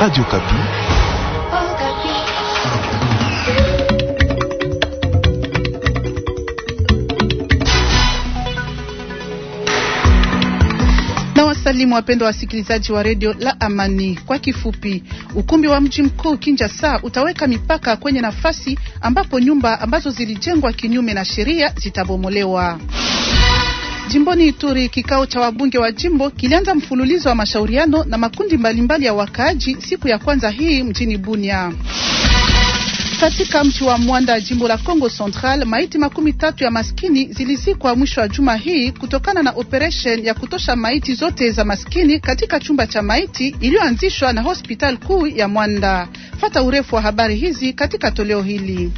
Radio Kapi. Na wasalimu wapendwa wasikilizaji wa redio la Amani. Kwa kifupi, ukumbi wa mji mkuu Kinshasa utaweka mipaka kwenye nafasi ambapo nyumba ambazo zilijengwa kinyume na sheria zitabomolewa. Jimboni Ituri, kikao cha wabunge wa jimbo kilianza mfululizo wa mashauriano na makundi mbalimbali mbali ya wakaaji siku ya kwanza hii mjini Bunia. Katika mji wa Mwanda, jimbo la Congo Central, maiti makumi tatu ya maskini zilizikwa mwisho wa juma hii kutokana na operation ya kutosha maiti zote za maskini katika chumba cha maiti iliyoanzishwa na hospitali kuu ya Mwanda. Fata urefu wa habari hizi katika toleo hili.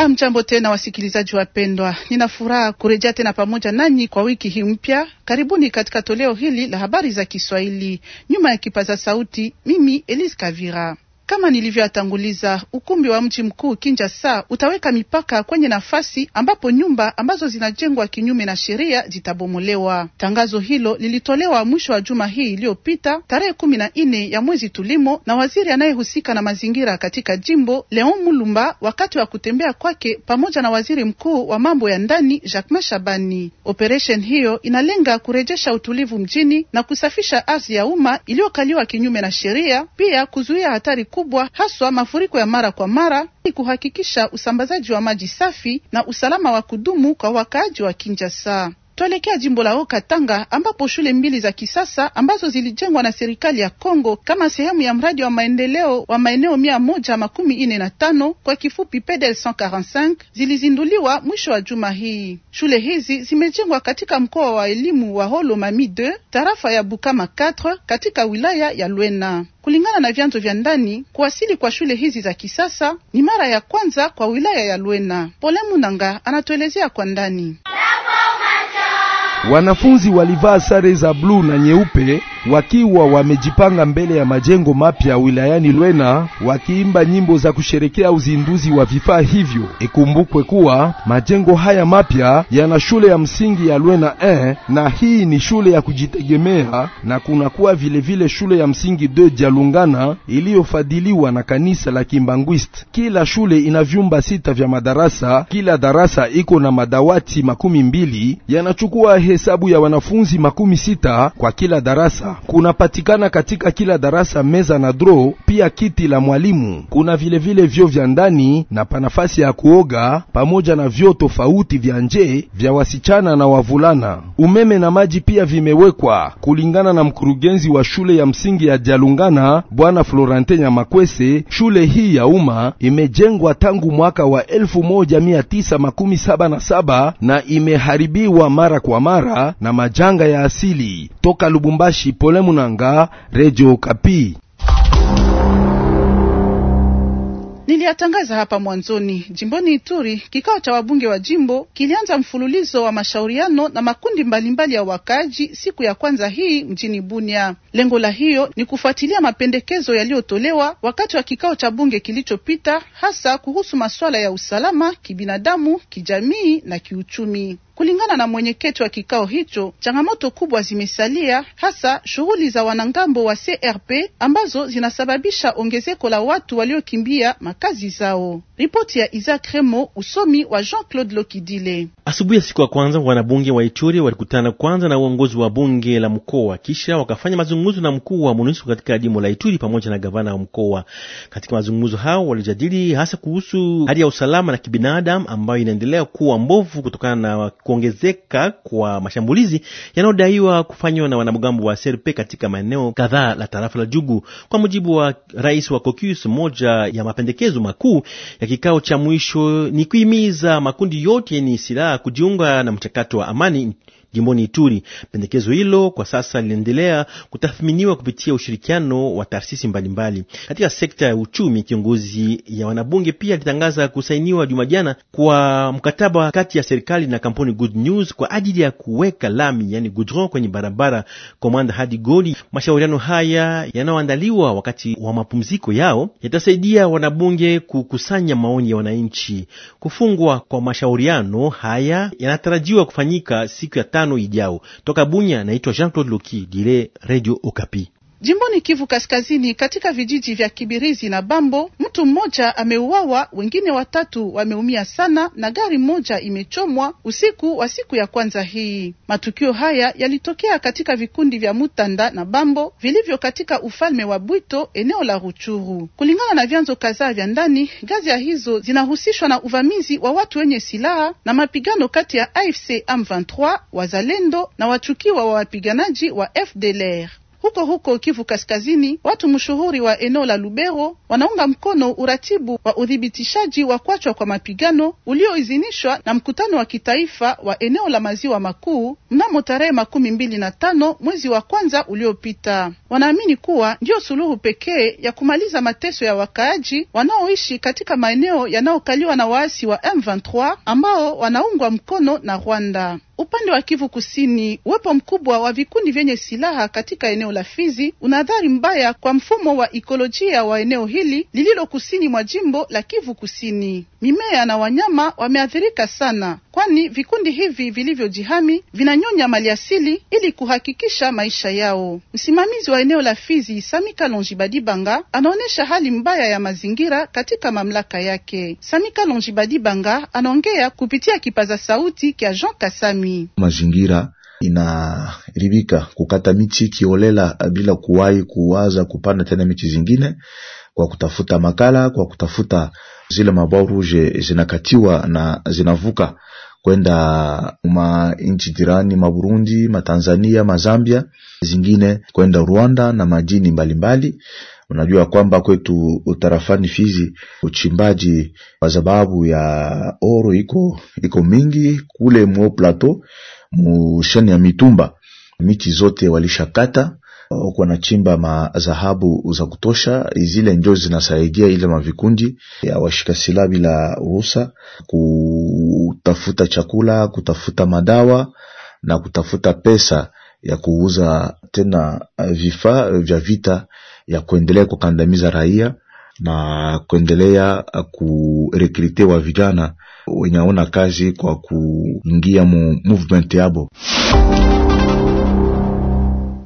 Amjambo tena wasikilizaji wapendwa, nina furaha kurejea tena pamoja nanyi kwa wiki hii mpya. Karibuni katika toleo hili la habari za Kiswahili nyuma ya kipaza sauti, mimi Elise Kavira. Kama nilivyoyatanguliza, ukumbi wa mji mkuu Kinshasa utaweka mipaka kwenye nafasi ambapo nyumba ambazo zinajengwa kinyume na sheria zitabomolewa. Tangazo hilo lilitolewa mwisho wa juma hii iliyopita tarehe kumi na nne ya mwezi tulimo na waziri anayehusika na mazingira katika jimbo Leon Mulumba wakati wa kutembea kwake pamoja na waziri mkuu wa mambo ya ndani Jacquemain Shabani. Operesheni hiyo inalenga kurejesha utulivu mjini na kusafisha ardhi ya umma iliyokaliwa kinyume na sheria, pia kuzuia hatari makubwa, haswa mafuriko ya mara kwa mara, ni kuhakikisha usambazaji wa maji safi na usalama wa kudumu kwa wakaaji wa Kinshasa. Tuelekea jimbo la okatanga ambapo shule mbili za kisasa ambazo zilijengwa na serikali ya Kongo kama sehemu ya mradi wa maendeleo wa maeneo mia moja makumi ine na tano kwa kifupi PEDEL 145 zilizinduliwa mwisho wa juma hii. Shule hizi zimejengwa katika mkoa wa elimu wa Holo Mami 2 tarafa ya Bukama 4 katika wilaya ya Lwena. Kulingana na vyanzo vya ndani, kuwasili kwa shule hizi za kisasa ni mara ya kwanza kwa wilaya ya Lwena. Pole Munanga anatuelezea kwa ndani Wanafunzi walivaa sare za bluu na nyeupe wakiwa wamejipanga mbele ya majengo mapya wilayani Lwena wakiimba nyimbo za kusherekea uzinduzi wa vifaa hivyo. Ikumbukwe kuwa majengo haya mapya yana shule ya msingi ya Lwena 1 na hii ni shule ya kujitegemea na kunakuwa vilevile shule ya msingi de Jalungana iliyofadhiliwa na kanisa la Kimbanguist. Kila shule ina vyumba sita vya madarasa, kila darasa iko na madawati makumi mbili yanachukua hesabu ya wanafunzi makumi sita kwa kila darasa kunapatikana katika kila darasa meza na dro, pia kiti la mwalimu. Kuna vilevile vile vyo vya ndani na panafasi ya kuoga pamoja na vyo tofauti vya nje vya wasichana na wavulana. Umeme na maji pia vimewekwa, kulingana na mkurugenzi wa shule ya msingi ya Jalungana Bwana Florente Nyamakwese. Shule hii ya umma imejengwa tangu mwaka wa 1977 na imeharibiwa mara kwa mara na majanga ya asili toka Lubumbashi. Pole Munanga, Radio Kapi. Niliyatangaza hapa mwanzoni, jimboni Ituri, kikao cha wabunge wa jimbo kilianza mfululizo wa mashauriano na makundi mbalimbali mbali ya wakaaji siku ya kwanza hii mjini Bunia. Lengo la hiyo ni kufuatilia mapendekezo yaliyotolewa wakati wa kikao cha bunge kilichopita, hasa kuhusu masuala ya usalama kibinadamu, kijamii na kiuchumi. Kulingana na mwenyekiti wa kikao hicho, changamoto kubwa zimesalia, hasa shughuli za wanangambo wa CRP ambazo zinasababisha ongezeko la watu waliokimbia makazi zao. Ripoti ya Isaac Remo, usomi wa Jean-Claude Lokidile. Asubuhi ya siku ya kwanza, wanabunge wa Ituri walikutana kwanza na uongozi wa bunge la mkoa, kisha wakafanya mazungumzo na mkuu wa MONUSCO katika jimbo la Ituri pamoja na gavana wa mkoa. Katika mazungumzo hao walijadili hasa kuhusu hali ya usalama na kibinadamu ambayo inaendelea kuwa mbovu kutokana na kuongezeka kwa mashambulizi yanayodaiwa kufanywa na wanamgambo wa Serpe katika maeneo kadhaa la tarafa la Jugu. Kwa mujibu wa rais wa cocus moja ya mapendekezo makuu ya kikao cha mwisho ni kuhimiza makundi yote yenye silaha kujiunga na mchakato wa amani jimboni Ituri. Pendekezo hilo kwa sasa linaendelea kutathminiwa kupitia ushirikiano wa taasisi mbalimbali katika sekta ya uchumi. Kiongozi ya wanabunge pia alitangaza kusainiwa Jumajana kwa mkataba kati ya serikali na kampuni Good News kwa ajili ya kuweka lami, yani goudron, kwenye barabara Komanda hadi Goli. Mashauriano haya yanayoandaliwa wakati wa mapumziko yao yatasaidia wanabunge kukusanya maoni ya wananchi. Kufungwa kwa mashauriano haya yanatarajiwa kufanyika siku ya tano ijao. Toka Bunya naitwa Jean-Claude Loki, dile Radio Okapi. Jimboni Kivu Kaskazini, katika vijiji vya Kibirizi na Bambo, mtu mmoja ameuawa, wengine watatu wameumia sana, na gari moja imechomwa usiku wa siku ya kwanza hii. Matukio haya yalitokea katika vikundi vya Mutanda na Bambo vilivyo katika ufalme wa Bwito, eneo la Ruchuru. Kulingana na vyanzo kadhaa vya ndani, gazia hizo zinahusishwa na uvamizi wa watu wenye silaha na mapigano kati ya AFC M23 wazalendo na wachukiwa wa wapiganaji wa FDLR. Huko huko Kivu Kaskazini, watu mshuhuri wa eneo la Lubero wanaunga mkono uratibu wa uthibitishaji wa kuachwa kwa mapigano ulioidhinishwa na mkutano wa kitaifa wa eneo la maziwa makuu mnamo tarehe makumi mbili na tano mwezi wa kwanza uliopita. Wanaamini kuwa ndiyo suluhu pekee ya kumaliza mateso ya wakaaji wanaoishi katika maeneo yanayokaliwa na waasi wa M23 ambao wanaungwa mkono na Rwanda. Upande wa Kivu Kusini, uwepo mkubwa wa vikundi vyenye silaha katika eneo la Fizi una athari mbaya kwa mfumo wa ikolojia wa eneo hili lililo kusini mwa jimbo la Kivu Kusini. Mimea na wanyama wameathirika sana, kwani vikundi hivi vilivyojihami vinanyonya maliasili ili kuhakikisha maisha yao. Msimamizi wa eneo la Fizi, Samika Longibadibanga, anaonyesha hali mbaya ya mazingira katika mamlaka yake. Samika Longibadibanga anaongea kupitia kipaza sauti kya Jean Kasami jamii. Mazingira inaribika kukata michi kiolela bila kuwahi kuwaza kupanda tena michi zingine, kwa kutafuta makala, kwa kutafuta zile mabao ruje zinakatiwa na zinavuka kwenda ma nchi jirani Maburundi, Matanzania, Mazambia, zingine kwenda Rwanda na majini mbalimbali mbali. Unajua kwamba kwetu utarafani Fizi uchimbaji kwa sababu ya oro iko iko mingi kule mwo plateau mushani ya mitumba miti zote walishakata Uh, kwa nachimba mazahabu za kutosha, zile ndio zinasaidia ile mavikundi ya washika silaha bila ruhusa kutafuta chakula, kutafuta madawa na kutafuta pesa ya kuuza tena uh, vifaa vya vita ya kuendelea kukandamiza raia na kuendelea uh, kurekrite wa vijana wenye aona kazi kwa kuingia mu movement yabo.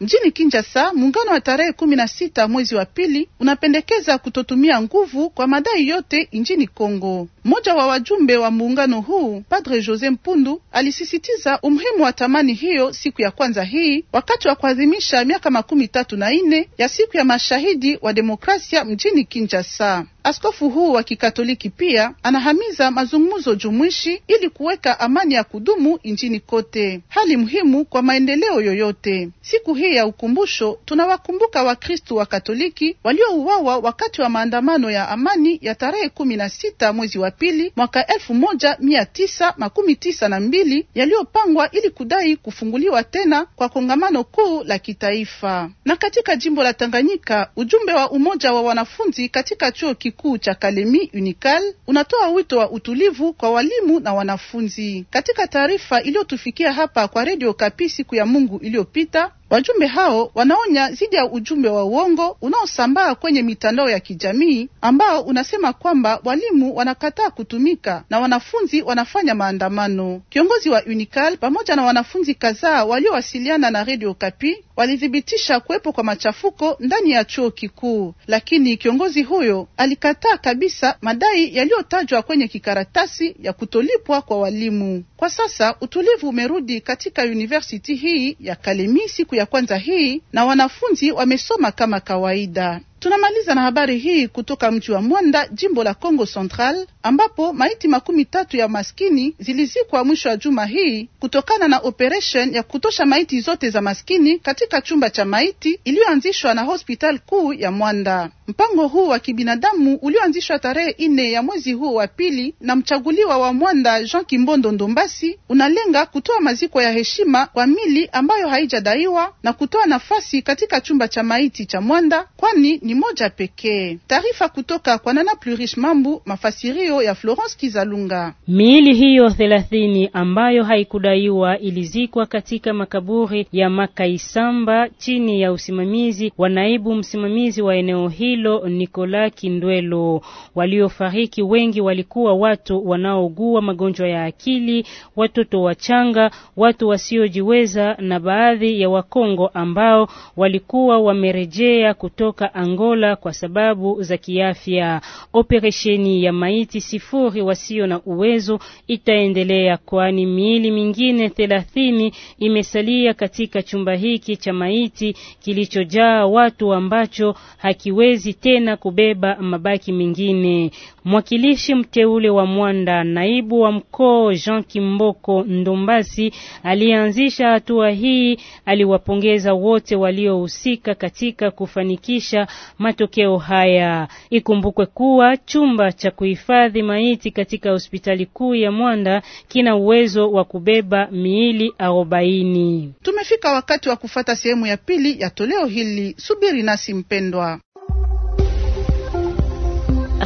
Mjini Kinshasa, muungano wa tarehe kumi na sita mwezi wa pili unapendekeza kutotumia nguvu kwa madai yote nchini Kongo. Mmoja wa wajumbe wa muungano huu Padre Jose Mpundu alisisitiza umuhimu wa tamani hiyo siku ya kwanza hii wakati wa kuadhimisha miaka makumi tatu na nne ya siku ya mashahidi wa demokrasia mjini Kinshasa. Askofu huu wa Kikatoliki pia anahamiza mazungumzo jumuishi ili kuweka amani ya kudumu nchini kote, hali muhimu kwa maendeleo yoyote. Siku hii ya ukumbusho tunawakumbuka Wakristu wa Katoliki waliouawa wakati wa maandamano ya amani ya tarehe kumi na sita mwezi wa pili mwaka elfu moja mia tisa makumi tisa na mbili yaliyopangwa ili kudai kufunguliwa tena kwa kongamano kuu la kitaifa. Na katika jimbo la Tanganyika, ujumbe wa umoja wa wanafunzi katika chuo kikuu cha Kalemi Unikal unatoa wito wa utulivu kwa walimu na wanafunzi. Katika taarifa iliyotufikia hapa kwa redio Kapi siku ya Mungu iliyopita Wajumbe hao wanaonya dhidi ya ujumbe wa uongo unaosambaa kwenye mitandao ya kijamii ambao unasema kwamba walimu wanakataa kutumika na wanafunzi wanafanya maandamano. Kiongozi wa unical pamoja na wanafunzi kadhaa waliowasiliana na Radio Kapi walithibitisha kuwepo kwa machafuko ndani ya chuo kikuu, lakini kiongozi huyo alikataa kabisa madai yaliyotajwa kwenye kikaratasi ya kutolipwa kwa walimu. Kwa sasa utulivu umerudi katika university hii ya Kalemi siku ya kwanza hii na wanafunzi wamesoma kama kawaida. Tunamaliza na habari hii kutoka mji wa Mwanda, jimbo la Kongo Central, ambapo maiti makumi tatu ya maskini zilizikwa mwisho wa juma hii kutokana na operation ya kutosha maiti zote za maskini katika chumba cha maiti iliyoanzishwa na hospitali kuu ya Mwanda. Mpango huu wa kibinadamu ulioanzishwa tarehe ine ya mwezi huu wa pili na mchaguliwa wa Mwanda Jean Kimbondo Ndombasi unalenga kutoa maziko ya heshima kwa mili ambayo haijadaiwa na kutoa nafasi katika chumba cha maiti cha Mwanda kwani ni moja pekee. Taarifa kutoka kwa Nana Plurish Mambu, mafasirio ya Florence Kizalunga. Miili hiyo thelathini ambayo haikudaiwa ilizikwa katika makaburi ya Makaisamba chini ya usimamizi wa naibu msimamizi wa eneo hilo Nikola Kindwelo. Waliofariki wengi walikuwa watu wanaougua magonjwa ya akili, watoto wachanga, watu wasiojiweza na baadhi ya Wakongo ambao walikuwa wamerejea kutoka Angola Angola kwa sababu za kiafya. Operesheni ya maiti sifuri wasio na uwezo itaendelea, kwani miili mingine thelathini imesalia katika chumba hiki cha maiti kilichojaa watu ambacho hakiwezi tena kubeba mabaki mengine. Mwakilishi mteule wa Mwanda, naibu wa mkoo Jean Kimboko Ndombasi, aliyeanzisha hatua hii, aliwapongeza wote waliohusika katika kufanikisha matokeo haya. Ikumbukwe kuwa chumba cha kuhifadhi maiti katika hospitali kuu ya Mwanda kina uwezo wa kubeba miili arobaini. Tumefika wakati wa kufata sehemu ya pili ya toleo hili. Subiri nasi mpendwa.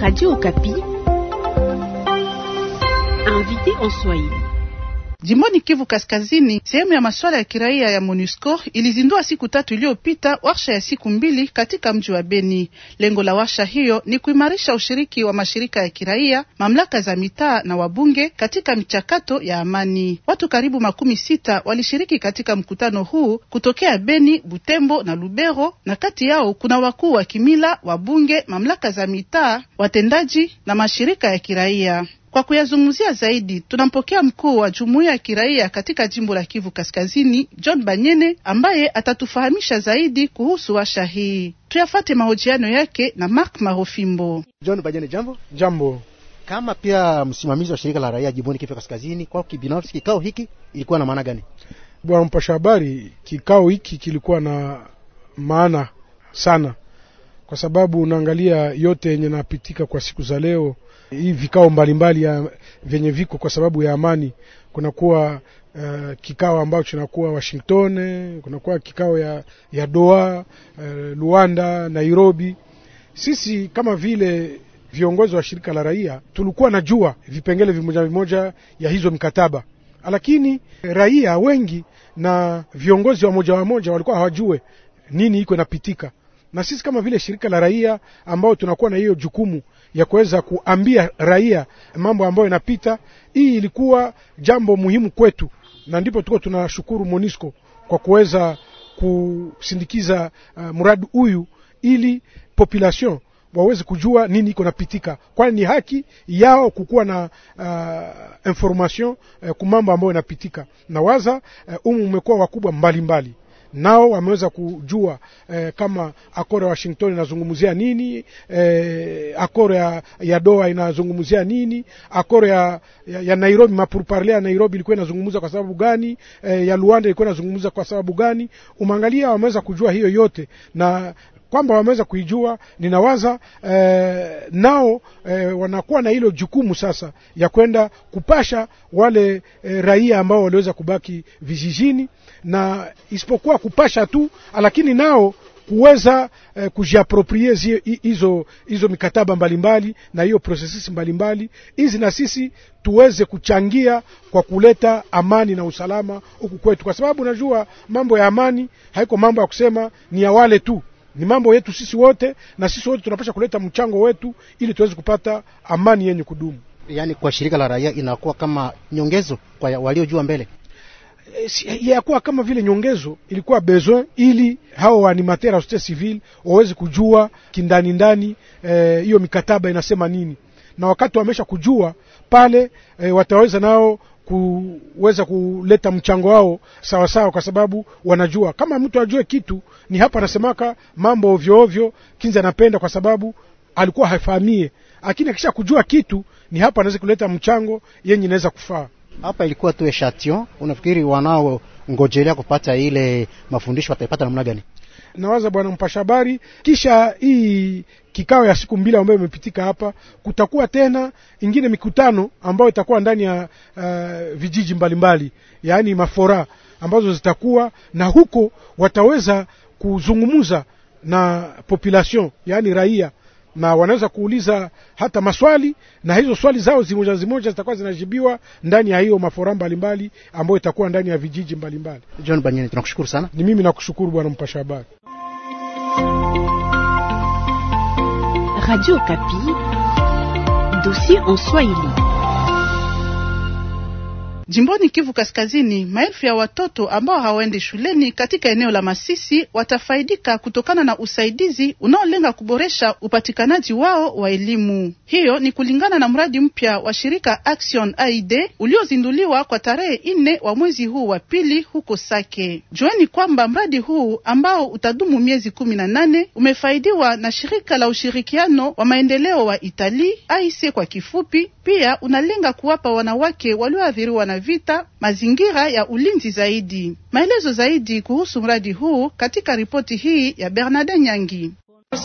Radio Okapi, invité en soi. Jimboni Kivu Kaskazini, sehemu ya masuala ya kiraia ya MONUSCO ilizindua siku tatu iliyopita warsha ya siku mbili katika mji wa Beni. Lengo la warsha hiyo ni kuimarisha ushiriki wa mashirika ya kiraia, mamlaka za mitaa na wabunge katika michakato ya amani. Watu karibu makumi sita walishiriki katika mkutano huu kutokea Beni, Butembo na Lubero, na kati yao kuna wakuu wa kimila, wabunge, mamlaka za mitaa, watendaji na mashirika ya kiraia. Kwa kuyazungumzia zaidi, tunampokea mkuu wa jumuiya ya kiraia katika jimbo la Kivu Kaskazini, John Banyene, ambaye atatufahamisha zaidi kuhusu washa hii. Tuyafate mahojiano yake na Mark Marofimbo. John Banyene, jambo. Jambo. Kama pia msimamizi wa shirika la raia jimboni Kivu Kaskazini, kwa kibinafsi, kikao hiki ilikuwa na maana gani? Bwana mpasha habari, kikao hiki kilikuwa na maana sana, kwa sababu unaangalia yote yenye napitika kwa siku za leo hii vikao mbalimbali vyenye viko kwa sababu ya amani. Kunakuwa uh, kikao ambacho kinakuwa Washington, kunakuwa kikao ya, ya Doha, uh, Luanda, Nairobi. Sisi kama vile viongozi wa shirika la raia tulikuwa najua vipengele vimoja vimoja ya hizo mikataba, lakini raia wengi na viongozi wa moja wa moja walikuwa hawajue nini iko inapitika na sisi kama vile shirika la raia ambao tunakuwa na hiyo jukumu ya kuweza kuambia raia mambo ambayo inapita, hii ilikuwa jambo muhimu kwetu, na ndipo tuko tunashukuru Monisco kwa kuweza kusindikiza uh, mradi huyu ili population waweze kujua nini iko napitika, kwani ni haki yao kukuwa na uh, information uh, kumambo ambayo inapitika na waza uh, umu umekuwa wakubwa mbalimbali mbali nao wameweza kujua eh, kama akoro ya Washington inazungumzia nini eh, akoro ya, ya Doha inazungumzia nini, akoro ya, ya, ya Nairobi, mapurparle ya Nairobi ilikuwa inazungumza kwa sababu gani, eh, ya Luanda ilikuwa inazungumza kwa sababu gani. Umangalia wameweza kujua hiyo yote na kwamba wameweza kuijua. Ninawaza eh, nao eh, wanakuwa na hilo jukumu sasa ya kwenda kupasha wale eh, raia ambao waliweza kubaki vijijini na isipokuwa kupasha tu, lakini nao kuweza eh, kujiaproprie hizo hizo mikataba mbalimbali mbali, na hiyo processes mbalimbali hizi, na sisi tuweze kuchangia kwa kuleta amani na usalama huku kwetu, kwa sababu najua mambo ya amani haiko mambo ya kusema ni ya wale tu, ni mambo yetu sisi wote, na sisi wote tunapasha kuleta mchango wetu ili tuweze kupata amani yenye kudumu. Yani kwa shirika la raia inakuwa kama nyongezo kwa waliojua mbele Eh, ya kuwa kama vile nyongezo ilikuwa besoin ili hao waanimateur wa societe civile waweze kujua kindani ndani eh, hiyo e, mikataba inasema nini, na wakati wamesha kujua pale e, wataweza nao kuweza kuleta mchango wao sawa sawa, kwa sababu wanajua kama mtu ajue kitu ni hapa anasemaka mambo ovyo ovyo, kinza anapenda kwa sababu alikuwa haifahamie, lakini akisha kujua kitu ni hapa anaweza kuleta mchango yenye inaweza kufaa. Hapa ilikuwa tu eshation. Unafikiri wanao ngojelea kupata ile mafundisho wataipata namna gani? Nawaza bwana mpasha habari, kisha hii kikao ya siku mbili ambayo imepitika hapa, kutakuwa tena ingine mikutano ambayo itakuwa ndani ya uh, vijiji mbalimbali, yaani mafora ambazo zitakuwa na huko, wataweza kuzungumuza na population, yaani raia na wanaweza kuuliza hata maswali na hizo swali zao zimoja zimoja zitakuwa zinajibiwa ndani ya hiyo mafora mbalimbali ambayo itakuwa ndani ya vijiji mbalimbali mbali. John Banyeni, tunakushukuru sana. Ni mimi nakushukuru bwana mpasha habari. Radio Kapi, dossier en Swahili. Jimboni Kivu Kaskazini, maelfu ya watoto ambao hawaendi shuleni katika eneo la Masisi watafaidika kutokana na usaidizi unaolenga kuboresha upatikanaji wao wa elimu. Hiyo ni kulingana na mradi mpya wa shirika Action Aid uliozinduliwa kwa tarehe nne wa mwezi huu wa pili huko Sake. Jueni kwamba mradi huu ambao utadumu miezi kumi na nane umefaidiwa na shirika la ushirikiano wa maendeleo wa Itali AIC kwa kifupi pia unalenga kuwapa wanawake walioathiriwa na vita mazingira ya ulinzi zaidi. Maelezo zaidi kuhusu mradi huu katika ripoti hii ya Bernarda Nyangi.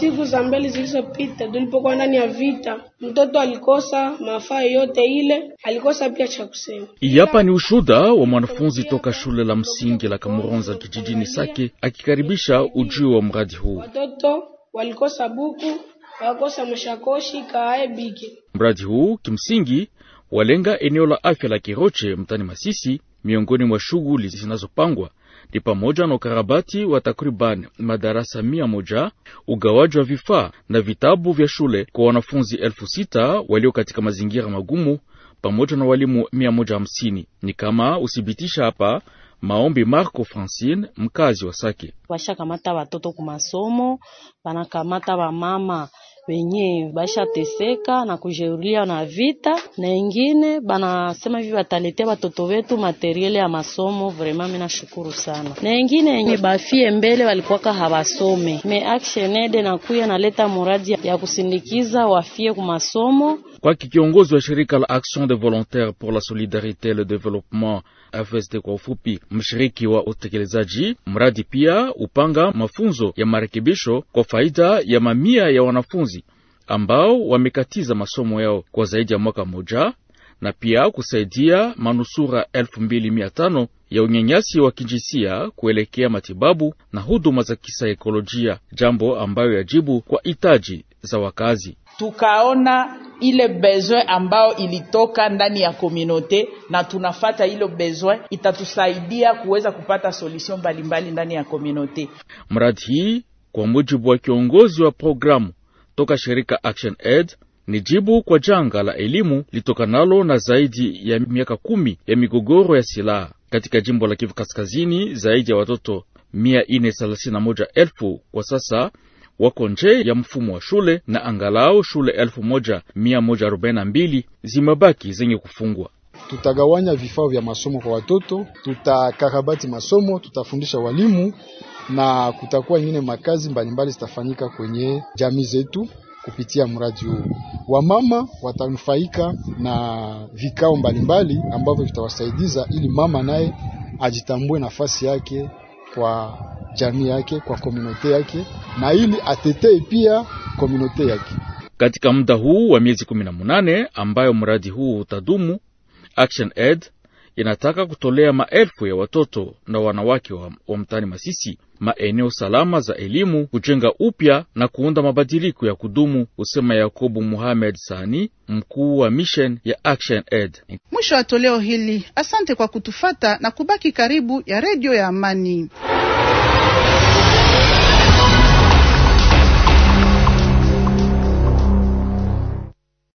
Siku za mbele zilizopita tulipokuwa ndani ya vita, mtoto alikosa mafaa yote ile, alikosa pia cha kusema. Hapa ni ushuda wa mwanafunzi toka shule la msingi la Kamuronza kijijini Sake akikaribisha ujio wa mradi huu. Watoto walikosa buku wakosa mshakoshi kaaye bike. Mradi huu kimsingi walenga eneo la afya la Kiroche mtani Masisi. Miongoni mwa shughuli zinazopangwa ni pamoja na ukarabati wa takriban madarasa mia moja, ugawaji wa vifaa na vitabu vya shule kwa wanafunzi elfu sita walio katika mazingira magumu pamoja na walimu mia moja hamsini. Ni kama usibitisha hapa Maombi Marco Francine, mkazi wa Sake: washakamata watoto kumasomo, wanakamata wamama wenye bashateseka na kujeruliwa na vita, na ingine banasema hivi wataletea batoto wetu materiele ya masomo. Vraiment mina shukuru sana, na ingine yenye bafie mbele walikuwaka hawasome me action ede nakuya naleta muradi ya kusindikiza wafie masomo Kwa kiongozi wa shirika la Action de Volontaires pour la Solidarité et le Développement FSD kwa ufupi, mshiriki wa utekelezaji mradi, pia upanga mafunzo ya marekebisho kwa faida ya mamia ya wanafunzi ambao wamekatiza masomo yao kwa zaidi ya mwaka mmoja na pia kusaidia manusura 25 ya unyanyasi wa kijinsia kuelekea matibabu na huduma za kisaikolojia, jambo ambayo yajibu kwa hitaji za wakazi. Tukaona ile besoin ambayo ilitoka ndani ya komunote na tunafata ilo besoin, itatusaidia kuweza kupata solution mbalimbali ndani ya komunote. Mradi hii kwa mujibu wa kiongozi wa programu toka shirika Action Aid ni jibu kwa janga la elimu litokanalo na zaidi ya miaka kumi ya migogoro ya silaha katika jimbo la Kivu Kaskazini. Zaidi ya watoto mia elfu kwa sasa wako nje ya mfumo wa shule na angalau shule 1142 mbili zimebaki zenye kufungwa. Tutagawanya vifaa vya masomo kwa watoto, tutakarabati masomo, tutafundisha walimu na kutakuwa ingine makazi mbalimbali zitafanyika kwenye jamii zetu kupitia mradi huu. Wamama watanufaika na vikao mbalimbali ambavyo vitawasaidiza ili mama naye ajitambue nafasi yake kwa jamii yake, kwa komunote yake na ili atetee pia komunote yake. Katika muda huu wa miezi 18 ambayo mradi huu utadumu, Action Aid inataka kutolea maelfu ya watoto na wanawake wa, wa mtani Masisi maeneo salama za elimu, kujenga upya na kuunda mabadiliko ya kudumu, husema Yakobu Muhamed Sani, mkuu wa mission ya Action Aid. Mwisho wa toleo hili. Asante kwa kutufata na kubaki karibu ya redio ya Amani.